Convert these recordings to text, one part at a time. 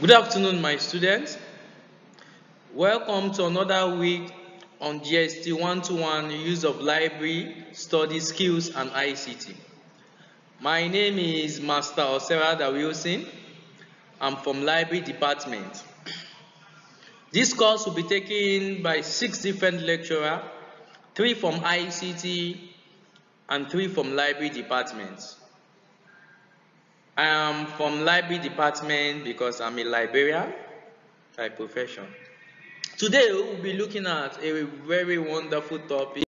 Good afternoon, my students. Welcome to another week on GST one-to-one use of library, study skills, and ICT. My name is Master Oserada Wilson. I'm from Library Department. This course will be taken by six different lecturers, three from ICT and three from Library Departments. I am from library department because I'm a librarian by profession. Today we'll be looking at a very wonderful topic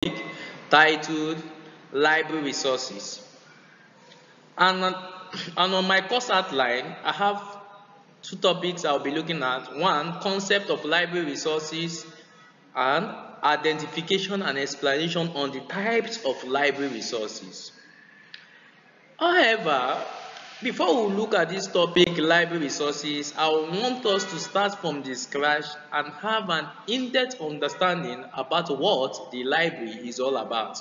titled Library Resources. And, uh, and on my course outline, I have two topics I'll be looking at. One, concept of library resources and identification and explanation on the types of library resources. However, before we look at this topic, library resources, I want us to start from the scratch and have an in-depth understanding about what the library is all about.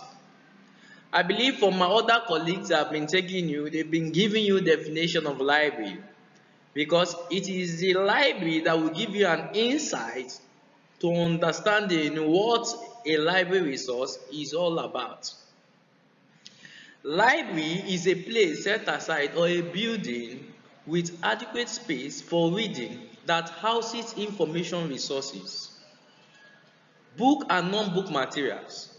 I believe from my other colleagues I've been taking you, they've been giving you definition of library because it is the library that will give you an insight to understanding what a library resource is all about. Library is a place set aside or a building with adequate space for reading that houses information resources, book and non-book materials,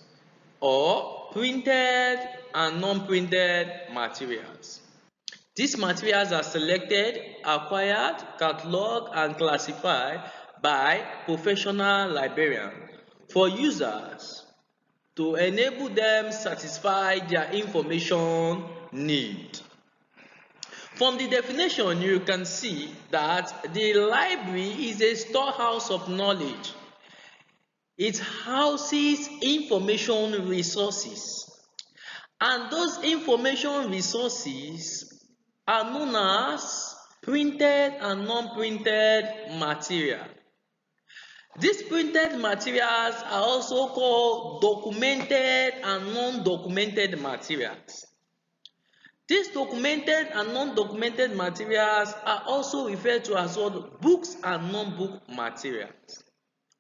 or printed and non-printed materials. These materials are selected, acquired, cataloged, and classified by professional librarian for users to enable them satisfy their information need. From the definition, you can see that the library is a storehouse of knowledge. It houses information resources. And those information resources are known as printed and non-printed material. These printed materials are also called documented and non-documented materials. These documented and non-documented materials are also referred to as what books and non-book materials.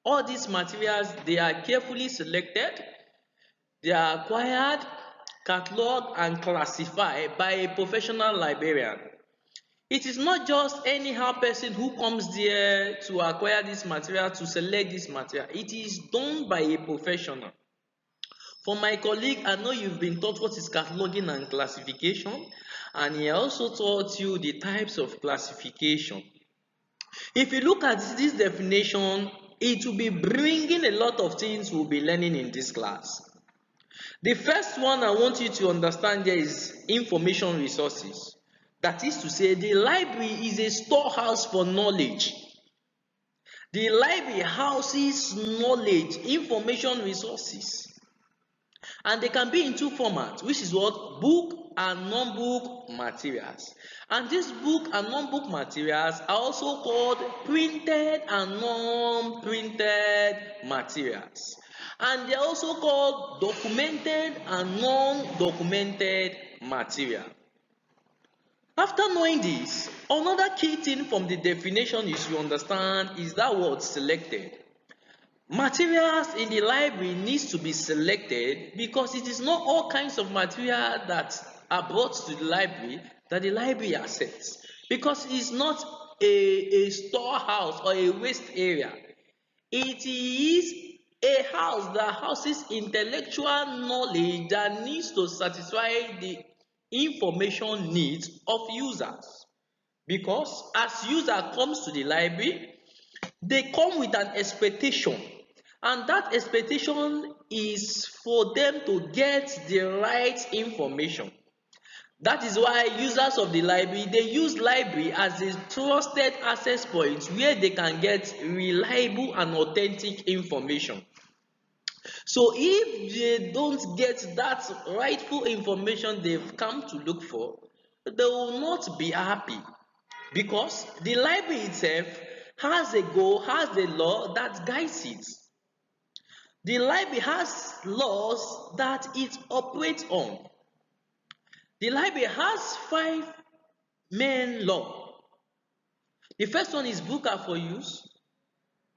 All these materials, they are carefully selected, they are acquired, cataloged and classified by a professional librarian. It is not just anyhow person who comes there to acquire this material, to select this material. It is done by a professional. For my colleague, I know you've been taught what is cataloging and classification, and he also taught you the types of classification. If you look at this definition, it will be bringing a lot of things we'll be learning in this class. The first one I want you to understand is information resources. That is to say, the library is a storehouse for knowledge. The library houses knowledge, information resources. And they can be in two formats, which is what? Book and non-book materials. And these book and non-book materials are also called printed and non-printed materials. And they are also called documented and non-documented materials. After knowing this, another key thing from the definition is you understand is that word selected. Materials in the library needs to be selected because it is not all kinds of material that are brought to the library that the library accepts because it's not a, a storehouse or a waste area. It is a house that houses intellectual knowledge that needs to satisfy the information needs of users because as user comes to the library they come with an expectation and that expectation is for them to get the right information that is why users of the library they use library as a trusted access point where they can get reliable and authentic information so if they don't get that rightful information they've come to look for, they will not be happy because the library itself has a goal, has a law that guides it. The library has laws that it operates on. The library has five main laws. The first one is booker for use.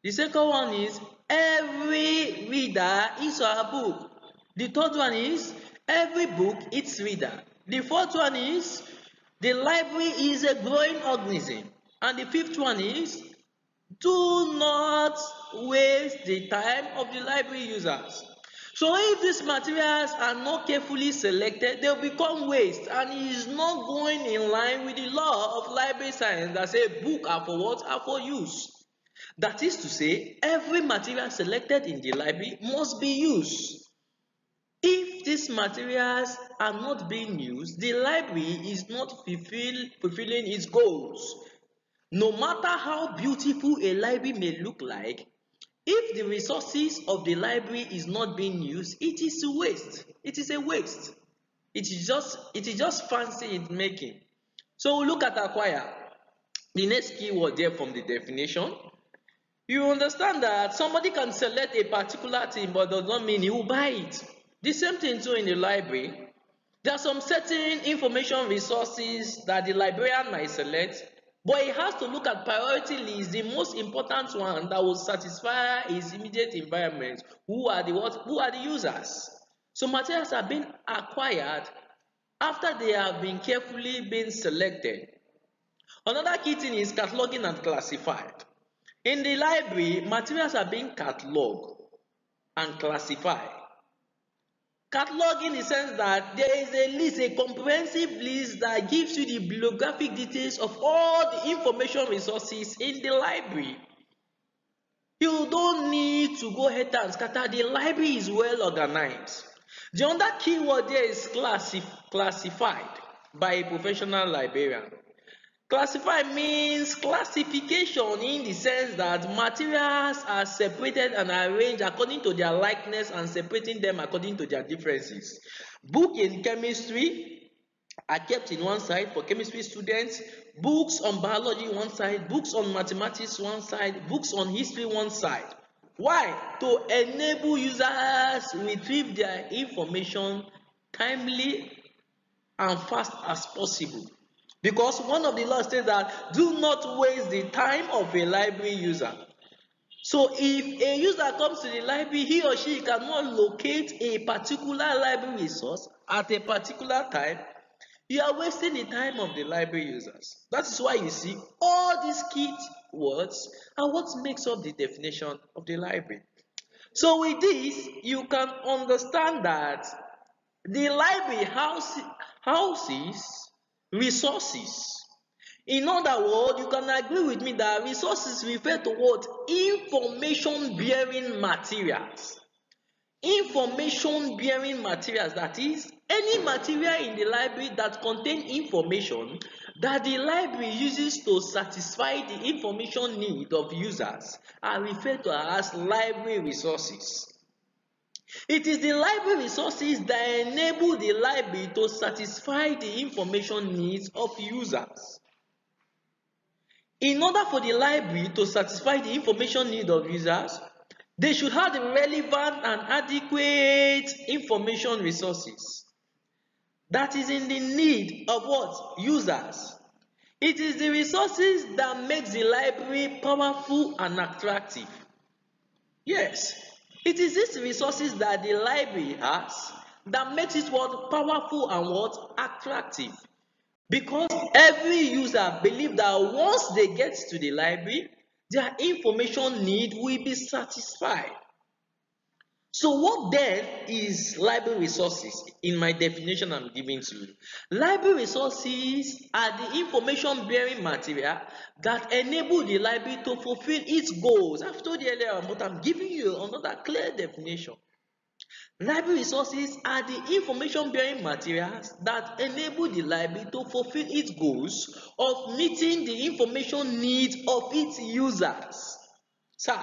The second one is Every reader is our book. The third one is every book its reader. The fourth one is the library is a growing organism. And the fifth one is do not waste the time of the library users. So if these materials are not carefully selected, they will become waste and it is not going in line with the law of library science that say books are for what are for use. That is to say, every material selected in the library must be used. If these materials are not being used, the library is not fulfill, fulfilling its goals. No matter how beautiful a library may look like, if the resources of the library is not being used, it is a waste. It is a waste. It is just, it is just fancy in making. So look at acquire. The next keyword there from the definition you understand that somebody can select a particular thing, but does not mean he will buy it. The same thing too in the library. There are some certain information resources that the librarian might select, but he has to look at priority list, the most important one that will satisfy his immediate environment. Who are the what? Who are the users? So materials have been acquired after they have been carefully been selected. Another key thing is cataloging and classified. In the library, materials are being cataloged and classified. Cataloging in the sense that there is a list, a comprehensive list that gives you the bibliographic details of all the information resources in the library. You don't need to go ahead and scatter. The library is well organized. The other keyword there is classif classified by a professional librarian. Classify means classification in the sense that materials are separated and arranged according to their likeness and separating them according to their differences. Book in chemistry are kept in one side for chemistry students, books on biology one side, books on mathematics one side, books on history one side. Why? To enable users retrieve their information timely and fast as possible. Because one of the laws says that do not waste the time of a library user. So if a user comes to the library, he or she cannot locate a particular library resource at a particular time, you are wasting the time of the library users. That is why you see all these key words are what makes up the definition of the library. So with this, you can understand that the library house, houses resources. In other words, you can agree with me that resources refer to what? Information bearing materials. Information bearing materials, that is, any material in the library that contain information that the library uses to satisfy the information need of users are referred to as library resources. It is the library resources that enable the library to satisfy the information needs of users. In order for the library to satisfy the information need of users, they should have the relevant and adequate information resources. That is in the need of what? Users. It is the resources that makes the library powerful and attractive. Yes, It is these resources that the library has that makes it what powerful and what attractive because every user believes that once they get to the library, their information need will be satisfied. So what then is library resources in my definition I'm giving to you? Library resources are the information bearing material that enable the library to fulfill its goals. I've told you earlier but I'm giving you another clear definition. Library resources are the information bearing materials that enable the library to fulfill its goals of meeting the information needs of its users. Sir,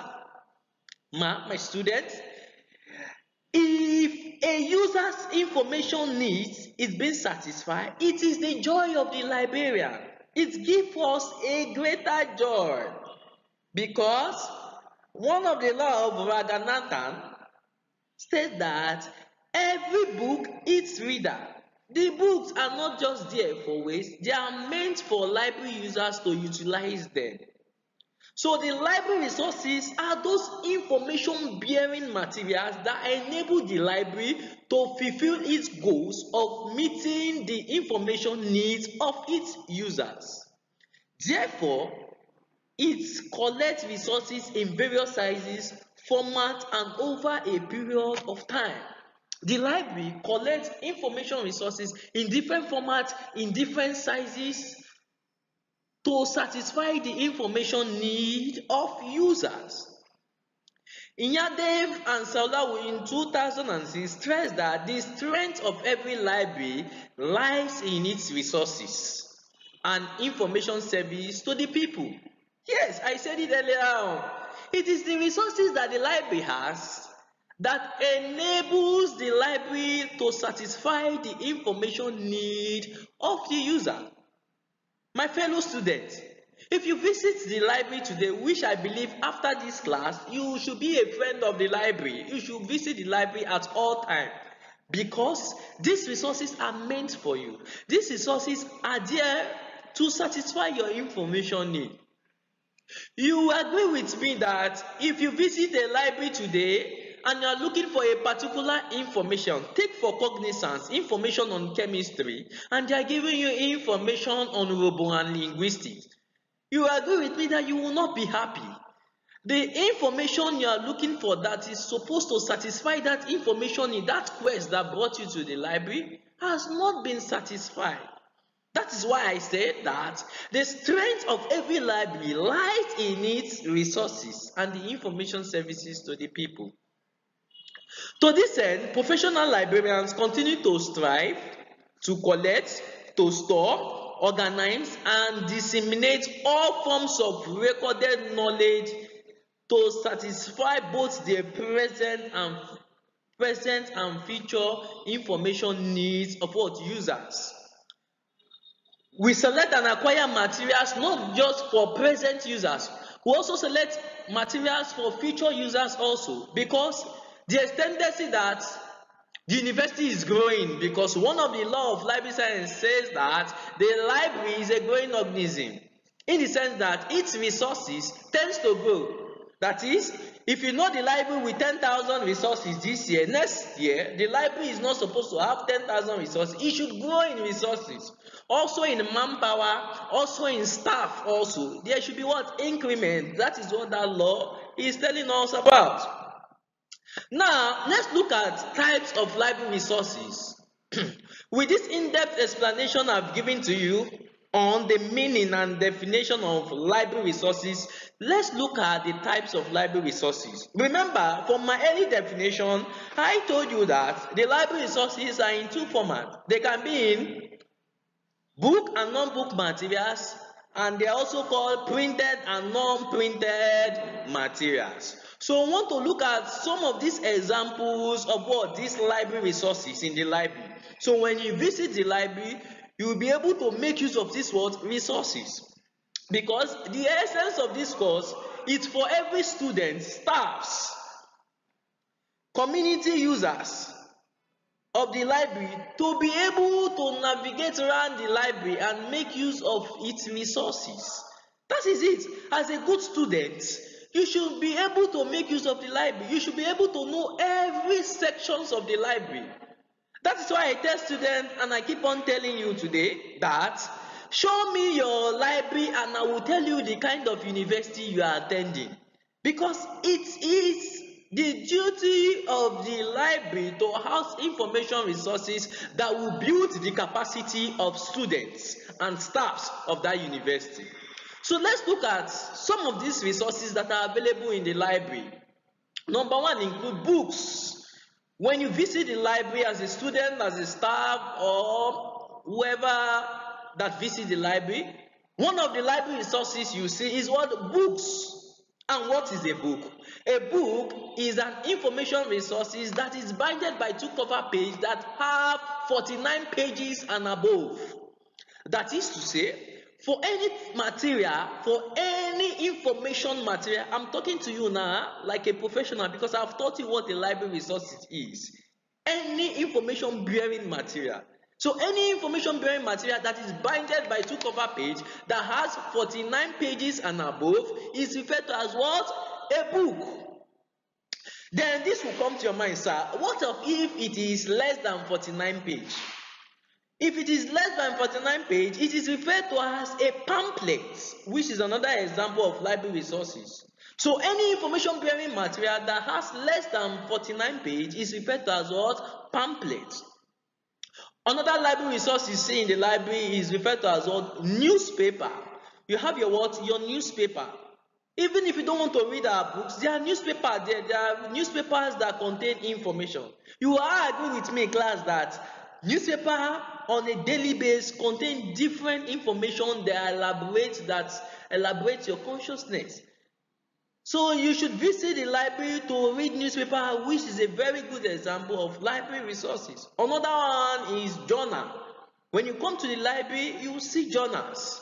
ma, my students, If a user's information needs is being satisfied, it is the joy of the librarian. It gives us a greater joy because one of the law of Raghunathan states that every book its reader. The books are not just there for waste, they are meant for library users to utilize them. So the library resources are those information bearing materials that enable the library to fulfill its goals of meeting the information needs of its users. Therefore, it collects resources in various sizes, formats and over a period of time. The library collects information resources in different formats, in different sizes, to satisfy the information need of users. Inyadev and Saulawu in 2006 stressed that the strength of every library lies in its resources and information service to the people. Yes, I said it earlier on. It is the resources that the library has that enables the library to satisfy the information need of the user. My fellow students, if you visit the library today, which I believe after this class, you should be a friend of the library. You should visit the library at all times because these resources are meant for you. These resources are there to satisfy your information need. You agree with me that if you visit the library today, and you are looking for a particular information, take for cognizance information on chemistry and they are giving you information on robo and linguistics. You agree with me that you will not be happy. The information you are looking for that is supposed to satisfy that information in that quest that brought you to the library has not been satisfied. That is why I said that the strength of every library lies in its resources and the information services to the people. To this end, professional librarians continue to strive to collect, to store, organize, and disseminate all forms of recorded knowledge to satisfy both the present and present and future information needs of what users. We select and acquire materials not just for present users, we also select materials for future users also because the tendency that the university is growing because one of the law of library science says that the library is a growing organism in the sense that its resources tends to grow that is if you know the library with ten thousand resources this year next year the library is not supposed to have ten thousand resources it should grow in resources also in manpower also in staff also there should be what increment that is what that law is telling us about. Now, let's look at types of library resources. With this in-depth explanation I've given to you on the meaning and definition of library resources, let's look at the types of library resources. Remember, from my early definition, I told you that the library resources are in two formats. They can be in book and non-book materials, and they are also called printed and non-printed materials. So we want to look at some of these examples of what these library resources in the library. So when you visit the library, you will be able to make use of these what resources. Because the essence of this course is for every student, staffs, community users of the library to be able to navigate around the library and make use of its resources. That is it. As a good student, You should be able to make use of the library. You should be able to know every sections of the library. That is why I tell students and I keep on telling you today that show me your library and I will tell you the kind of university you are attending. Because it is the duty of the library to house information resources that will build the capacity of students and staffs of that university. So let's look at some of these resources that are available in the library. Number one include books. When you visit the library as a student, as a staff, or whoever that visits the library, one of the library resources you see is what books. And what is a book? A book is an information resources that is binded by two cover page that have 49 pages and above. That is to say, for any material for any information material i'm talking to you now like a professional because i've taught you what a library resource is any information bearing material so any information bearing material that is binded by two cover page that has 49 pages and above is referred to as what a book then this will come to your mind sir what if it is less than 49 page if it is less than 49 pages, it is referred to as a pamphlet, which is another example of library resources. So any information bearing material that has less than 49 pages is referred to as what? Pamphlet. Another library resource you see in the library is referred to as what? Newspaper. You have your what? Your newspaper. Even if you don't want to read our books, there are newspapers there, there are newspapers that contain information. You are agree with me, class, that newspaper on a daily basis contain different information that elaborates that elaborates your consciousness. So you should visit the library to read newspaper, which is a very good example of library resources. Another one is journal. When you come to the library, you see journals.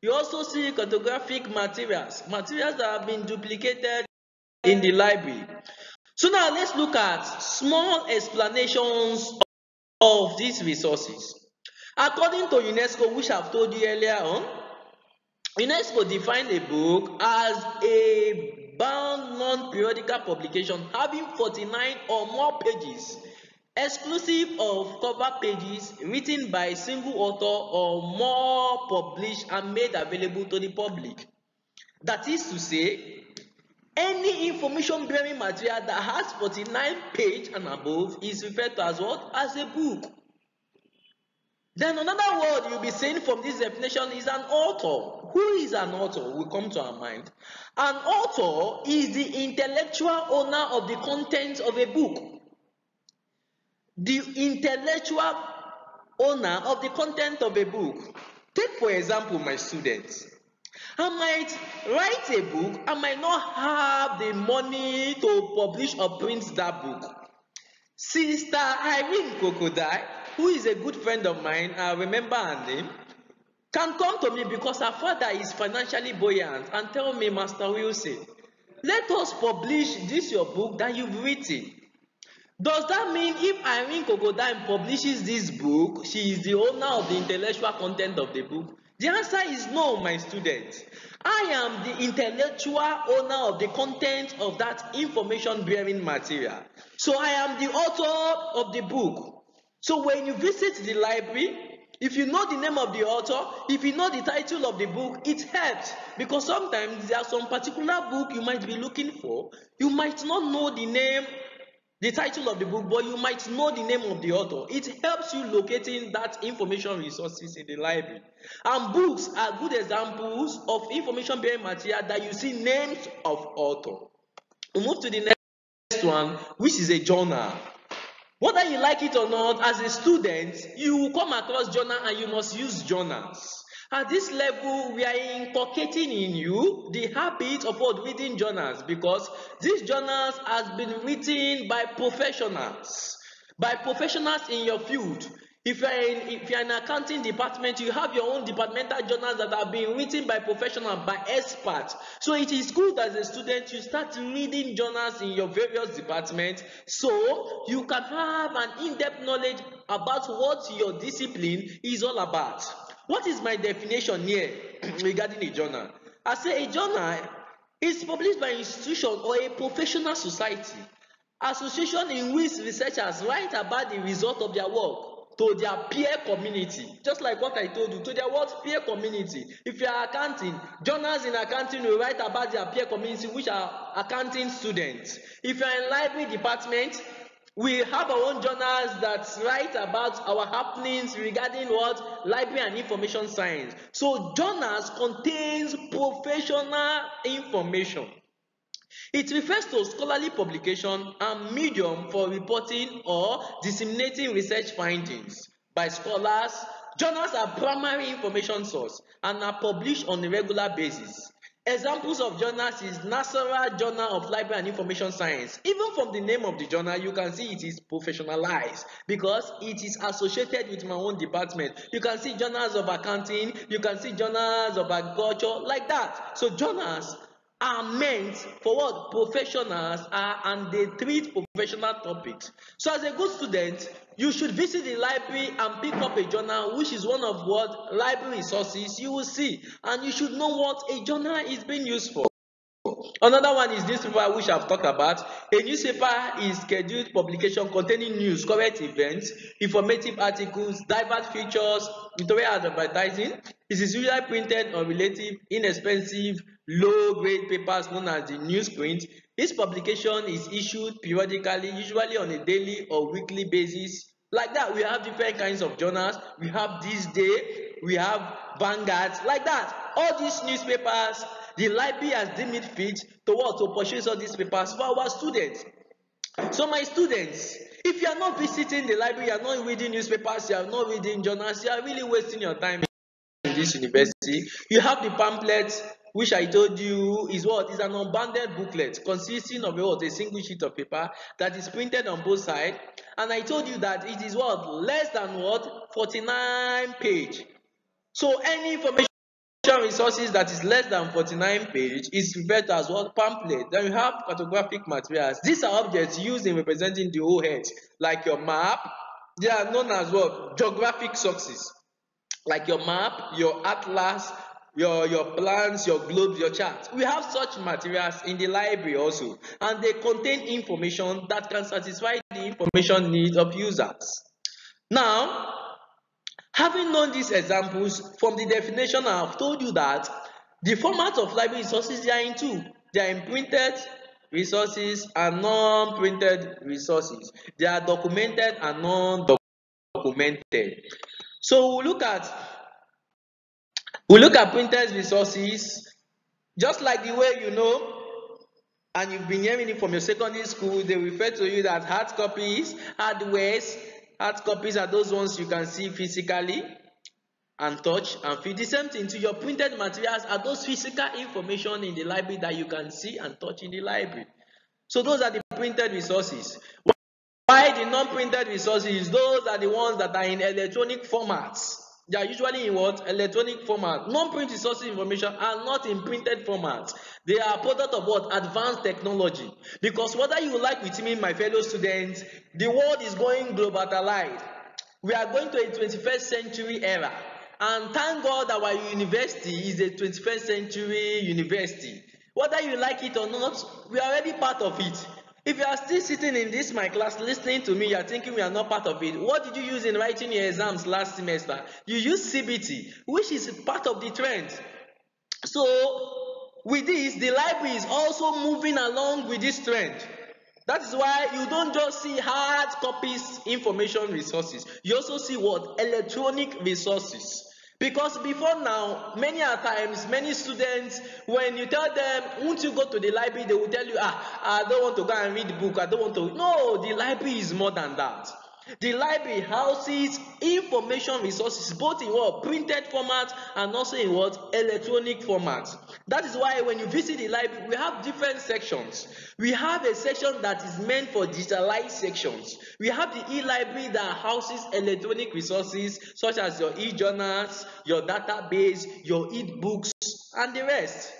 You also see cartographic materials, materials that have been duplicated in the library. So now let's look at small explanations of these resources. According to UNESCO, which I've told you earlier on, UNESCO defined a book as a bound non-periodical publication having 49 or more pages, exclusive of cover pages written by a single author or more published and made available to the public. That is to say, Any information bearing material that has 49 page and above is referred to as what? As a book. Then another word you'll be seeing from this definition is an author. Who is an author? Will come to our mind. An author is the intellectual owner of the contents of a book. The intellectual owner of the content of a book. Take for example my students. I might write a book, I might not have the money to publish or print that book. Sister Irene Kokodai, who is a good friend of mine, I remember her name, can come to me because her father is financially buoyant and tell me, Master Wilson, let us publish this your book that you've written. Does that mean if Irene Kokodai publishes this book, she is the owner of the intellectual content of the book? The answer is no, my students. I am the intellectual owner of the content of that information bearing material. So I am the author of the book. So when you visit the library, if you know the name of the author, if you know the title of the book, it helps because sometimes there are some particular book you might be looking for. You might not know the name the title of the book, but you might know the name of the author. It helps you locating that information resources in the library. And books are good examples of information bearing material that you see names of author. We move to the next one, which is a journal. Whether you like it or not, as a student, you come across journal and you must use journals. At this level, we are inculcating in you the habit of what reading journals because these journals has been written by professionals, by professionals in your field. If you are in if you are in accounting department, you have your own departmental journals that have been written by professional, by expert. So it is good as a student you start reading journals in your various departments so you can have an in-depth knowledge about what your discipline is all about. What is my definition here regarding a journal? I say a journal is published by an institution or a professional society, association in which researchers write about the result of their work to their peer community. Just like what I told you, to their what peer community. If you are accounting, journals in accounting will write about their peer community, which are accounting students. If you are in library department, we have our own journals that write about our happenings regarding what library and information science so journals contains professional information it refers to scholarly publication and medium for reporting or disseminating research findings by scholars journals are primary information source and are published on a regular basis Examples of journals is National Journal of Library and Information Science. Even from the name of the journal, you can see it is professionalized because it is associated with my own department. You can see journals of accounting, you can see journals of agriculture, like that. So journals are meant for what professionals are and they treat professional topics. So as a good student, you should visit the library and pick up a journal which is one of what library resources you will see and you should know what a journal is being used for another one is this paper which i've talked about a newspaper is scheduled publication containing news current events informative articles diverse features editorial advertising it is usually printed on relative inexpensive low grade papers known as the newsprint this publication is issued periodically, usually on a daily or weekly basis. Like that, we have different kinds of journals. We have This Day, we have Vanguard, like that. All these newspapers, the library has deemed it fit to what? To purchase all these papers for our students. So my students, if you are not visiting the library, you are not reading newspapers, you are not reading journals, you are really wasting your time in this university. You have the pamphlets, which I told you is what is an unbounded booklet consisting of what a single sheet of paper that is printed on both sides. And I told you that it is what less than what 49 page. So any information resources that is less than 49 page is referred to as what pamphlet. Then you have cartographic materials. These are objects used in representing the whole earth, like your map. They are known as what geographic sources, like your map, your atlas, your your plans your globes your charts we have such materials in the library also and they contain information that can satisfy the information needs of users now having known these examples from the definition i have told you that the format of library resources they are in two they are in printed resources and non-printed resources they are documented and non-documented so we'll look at we look at printers resources, just like the way you know, and you've been hearing it from your secondary school, they refer to you that hard copies, hardwares, hard copies are those ones you can see physically and touch and feel. The same thing to your printed materials are those physical information in the library that you can see and touch in the library. So those are the printed resources. Why the non-printed resources? Those are the ones that are in electronic formats they are usually in what? Electronic format. Non-print resources information are not in printed format. They are product of what? Advanced technology. Because whether you like with me, my fellow students, the world is going globalized. We are going to a 21st century era. And thank God our university is a 21st century university. Whether you like it or not, we are already part of it. If you are still sitting in this my class listening to me, you are thinking we are not part of it. What did you use in writing your exams last semester? You used CBT, which is part of the trend. So, with this, the library is also moving along with this trend. That is why you don't just see hard copies information resources. You also see what? Electronic resources. Because before now, many times, many students, when you tell them, won't you go to the library, they will tell you, ah, I don't want to go and read book, I don't want to. No, the library is more than that. The library houses information resources both in what printed format and also in what electronic format. That is why when you visit the library, we have different sections. We have a section that is meant for digitalized sections. We have the e-library that houses electronic resources such as your e-journals, your database, your e-books, and the rest.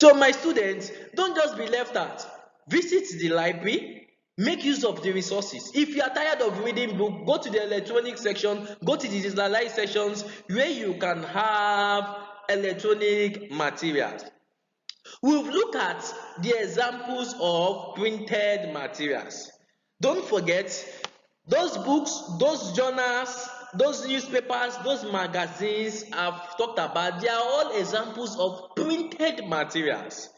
So my students, don't just be left out. Visit the library, make use of the resources if you are tired of reading book go to the electronic section go to the digitalized sections where you can have electronic materials we've looked at the examples of printed materials don't forget those books those journals those newspapers those magazines i've talked about they are all examples of printed materials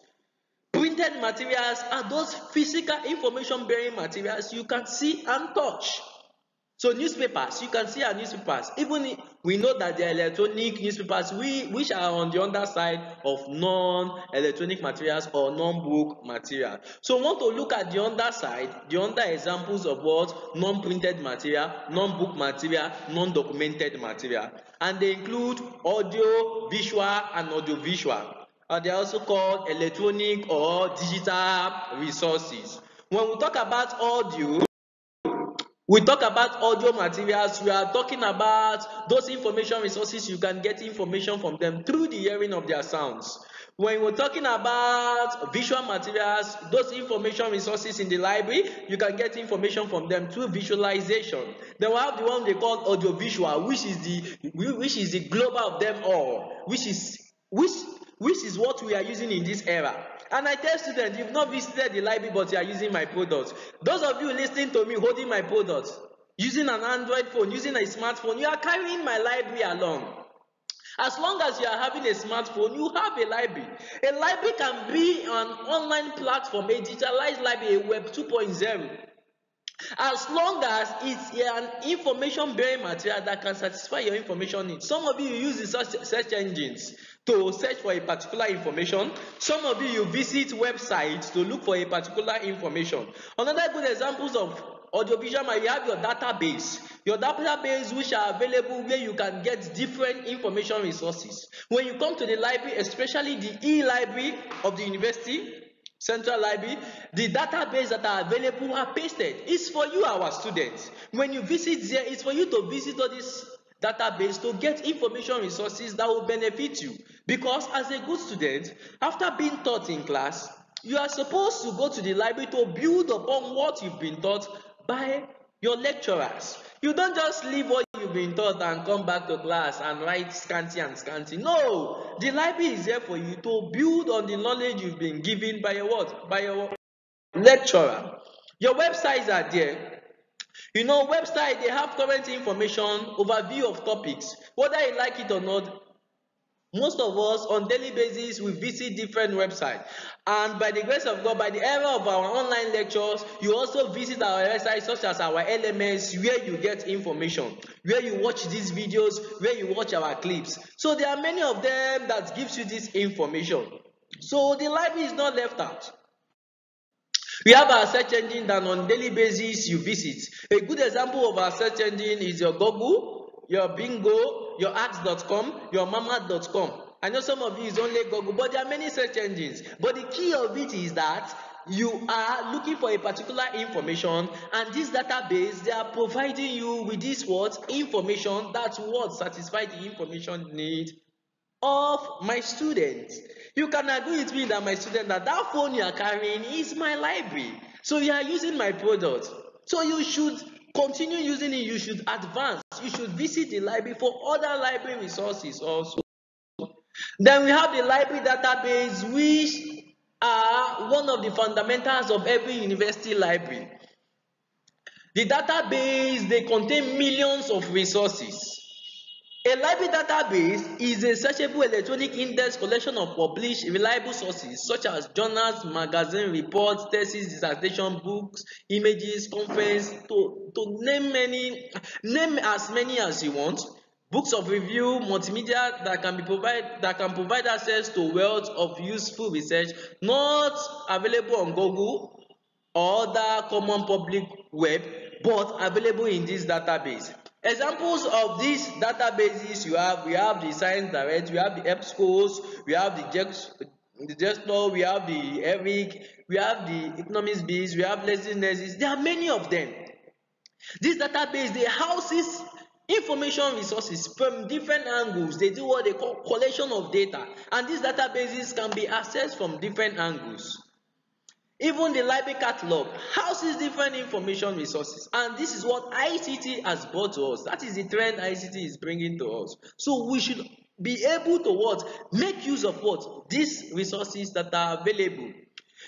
printed materials are those physical information bearing materials you can see and touch. So newspapers, you can see our newspapers. Even we know that the electronic newspapers, we which are on the underside of non-electronic materials or non-book material. So want to look at the underside, the under examples of what non-printed material, non-book material, non-documented material, and they include audio, visual, and audiovisual and they're also called electronic or digital resources. When we talk about audio, we talk about audio materials, we are talking about those information resources, you can get information from them through the hearing of their sounds. When we're talking about visual materials, those information resources in the library, you can get information from them through visualization. Then we have the one they call audiovisual, which is the which is the global of them all, which is which which is what we are using in this era. And I tell students, you've not visited the library, but you are using my products. Those of you listening to me holding my products, using an Android phone, using a smartphone, you are carrying my library along. As long as you are having a smartphone, you have a library. A library can be an online platform, a digitalized library, a Web 2.0 as long as it's an information bearing material that can satisfy your information needs some of you use the search, engines to search for a particular information some of you visit websites to look for a particular information another good examples of audiovisual might have your database your database which are available where you can get different information resources when you come to the library especially the e-library of the university Central Library, the database that are available are pasted. It's for you, our students. When you visit there, it's for you to visit all this database to get information resources that will benefit you. Because as a good student, after being taught in class, you are supposed to go to the library to build upon what you've been taught by your lecturers. You don't just leave what you've been taught and come back to class and write scanty and scanty. No, the library is there for you to build on the knowledge you've been given by your what? By your lecturer. Your websites are there. You know, website they have current information, overview of topics. Whether you like it or not, Most of us on daily basis we visit different websites and by the grace of God by the era of our online lectures you also visit our website, such as our LMS where you get information where you watch these videos where you watch our clips so there are many of them that gives you this information so the library is not left out we have our search engine that on daily basis you visit a good example of our search engine is your Google your bingo, your ask.com, your mama.com. I know some of you is only Google, but there are many search engines. But the key of it is that you are looking for a particular information and this database they are providing you with this what information that what satisfy the information need of my students you can agree with me that my student that that phone you are carrying is my library so you are using my product so you should continue using it you should advance you should visit the library for other library resources also then we have the library database which are one of the fundamentals of every university library the database they contain millions of resources a library database is a searchable electronic index collection of published reliable sources such as journals, magazines, reports, theses, dissertation, books, images, conference, to, to name many, name as many as you want. Books of review, multimedia that can be provide that can provide access to wealth of useful research not available on Google or other common public web, but available in this database. Examples of these databases you have, we have the Science Direct, we have the EBSCOs, we have the just Gestor, we have the ERIC, we have the Economics Base, we have Leslie Nurses. There are many of them. This database, they houses information resources from different angles. They do what they call collection of data. And these databases can be accessed from different angles. even the library catalog houses different information resources and this is what ICT has brought to us that is the trend ICT is bringing to us so we should be able to what make use of what these resources that are available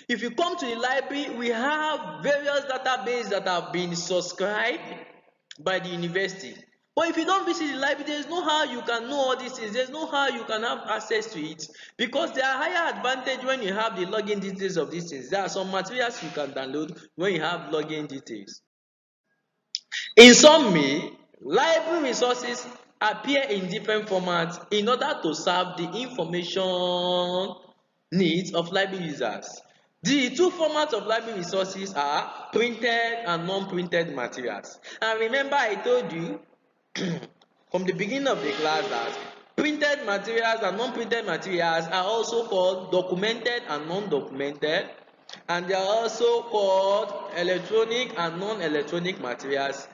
if you come to the library we have various databases that have been subscribed by the university But if you don't visit the library, there's no how you can know all these things. There's no how you can have access to it because there are higher advantage when you have the login details of these things. There are some materials you can download when you have login details. In summary, library resources appear in different formats in order to serve the information needs of library users. The two formats of library resources are printed and non-printed materials. And remember I told you from the beginning of the class that printed materials and non-printed materials are also called documented and non-documented and they are also called electronic and non-electronic materials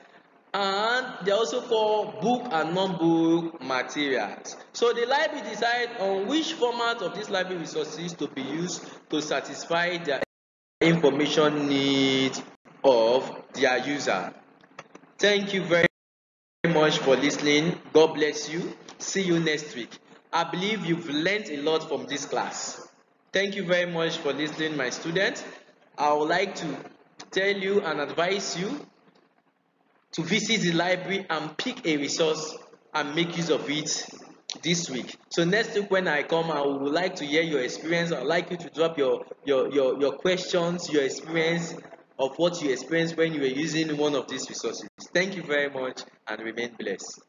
and they are also called book and non-book materials so the library decide on which format of these library resources to be used to satisfy their information needs of their user thank you very very much for listening. God bless you. See you next week. I believe you've learned a lot from this class. Thank you very much for listening, my students. I would like to tell you and advise you to visit the library and pick a resource and make use of it this week. So next week when I come, I would like to hear your experience. I'd like you to drop your your your, your questions, your experience, of what you experienced when you were using one of these resources. Thank you very much and remain blessed.